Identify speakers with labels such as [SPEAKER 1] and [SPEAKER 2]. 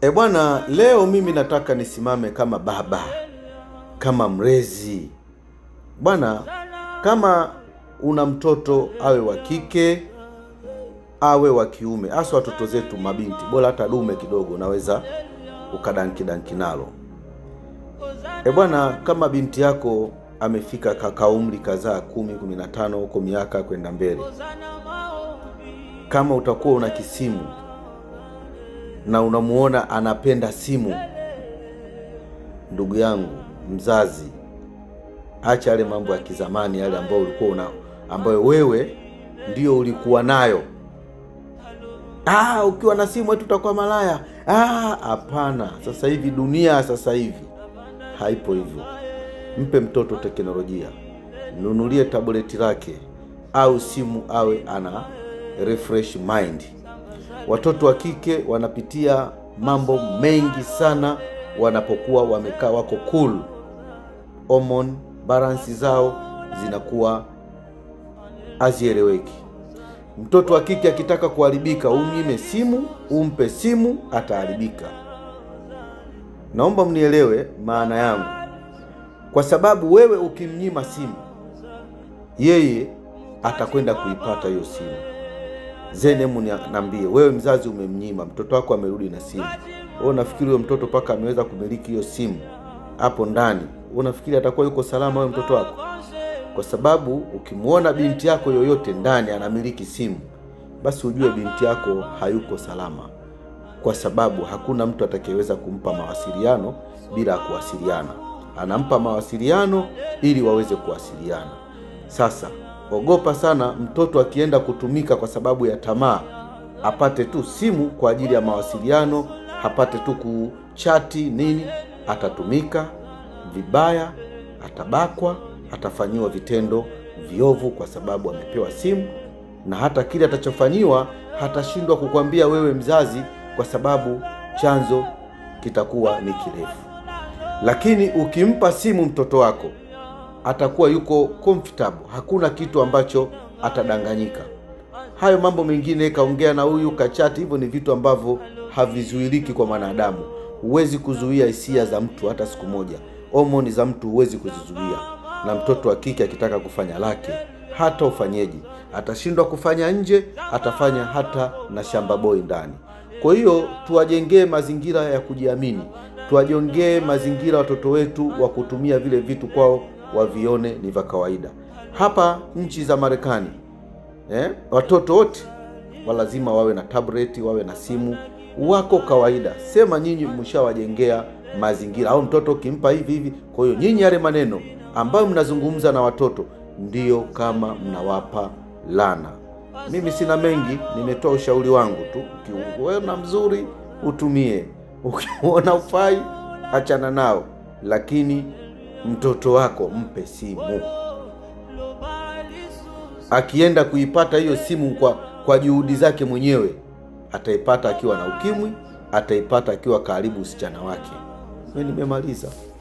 [SPEAKER 1] E bwana, leo mimi nataka nisimame kama baba, kama mrezi bwana. Kama una mtoto awe wa kike awe wa kiume, hasa watoto zetu mabinti, bora hata dume kidogo, naweza ukadanki danki nalo e bwana. Kama binti yako amefika kaka umri kadhaa kumi, kumi na tano huko miaka kwenda mbele, kama utakuwa una kisimu na unamuona anapenda simu, ndugu yangu mzazi, acha yale mambo ya kizamani yale ambayo ulikuwa una ambayo wewe ndio ulikuwa nayo. Ah, ukiwa na simu wetu utakuwa malaya. Ah, hapana, sasa hivi dunia sasa hivi haipo hivyo. Mpe mtoto teknolojia, nunulie tableti lake au simu, awe ana refresh mind. Watoto wa kike wanapitia mambo mengi sana wanapokuwa wamekaa wako cool, hormone balance zao zinakuwa hazieleweki. Mtoto wa kike akitaka kuharibika, umnyime simu, umpe simu, ataharibika. Naomba mnielewe maana yangu, kwa sababu wewe ukimnyima simu, yeye atakwenda kuipata hiyo simu zenemu niambie, wewe mzazi umemnyima mtoto wako, amerudi na simu. Wewe unafikiri huyo mtoto mpaka ameweza kumiliki hiyo simu hapo ndani, wewe unafikiri atakuwa yuko salama wewe mtoto wako? Kwa sababu ukimwona binti yako yoyote ndani anamiliki simu, basi ujue binti yako hayuko salama, kwa sababu hakuna mtu atakayeweza kumpa mawasiliano bila ya kuwasiliana. Anampa mawasiliano ili waweze kuwasiliana. Sasa ogopa sana mtoto akienda kutumika kwa sababu ya tamaa, apate tu simu kwa ajili ya mawasiliano, apate tu kuchati nini, atatumika vibaya, atabakwa, atafanyiwa vitendo viovu kwa sababu amepewa simu, na hata kile atachofanyiwa hatashindwa kukwambia wewe mzazi, kwa sababu chanzo kitakuwa ni kirefu. Lakini ukimpa simu mtoto wako atakuwa yuko comfortable, hakuna kitu ambacho atadanganyika. Hayo mambo mengine kaongea na huyu kachati, hivyo ni vitu ambavyo havizuiliki kwa mwanadamu. Huwezi kuzuia hisia za mtu hata siku moja, homoni za mtu huwezi kuzizuia. Na mtoto wa kike akitaka kufanya lake, hata ufanyeje, atashindwa kufanya nje, atafanya hata na shamba boy ndani. Kwa hiyo tuwajengee mazingira ya kujiamini, tuwajengee mazingira watoto wetu wa kutumia vile vitu kwao wavione ni vya kawaida. Hapa nchi za Marekani eh, watoto wote walazima wawe na tablet, wawe na simu, wako kawaida. Sema nyinyi mshawajengea mazingira, au mtoto ukimpa hivi hivi. Kwa hiyo nyinyi yale maneno ambayo mnazungumza na watoto ndiyo kama mnawapa lana. Mimi sina mengi, nimetoa ushauri wangu tu. Ukiuona mzuri utumie, ukiuona ufai achana nao, lakini mtoto wako mpe simu. Akienda kuipata hiyo simu kwa, kwa juhudi zake mwenyewe ataipata akiwa na ukimwi, ataipata akiwa karibu usichana wake. Mimi nimemaliza.